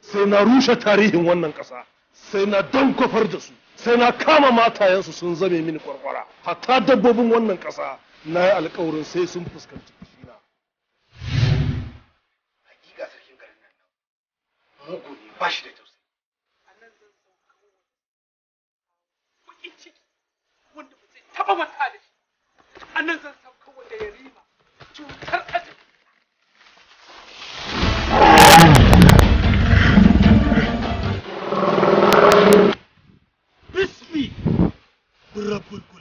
sai na rushe tarihin wannan ƙasa sai na kwafar da su sai na kama matayensu sun zame mini kwarkwara hatta dabbobin wannan ƙasa na yi alkawarin sai sun fuskanci fushina. Hakika sarkin garin nan nan mugu ne ba shi da tausayi. A nan zan sauka baƙin ciki wanda ba zai taɓa mata da shi. A nan zan sauka wanda ya rima cutar azumi. Bismi Rabbul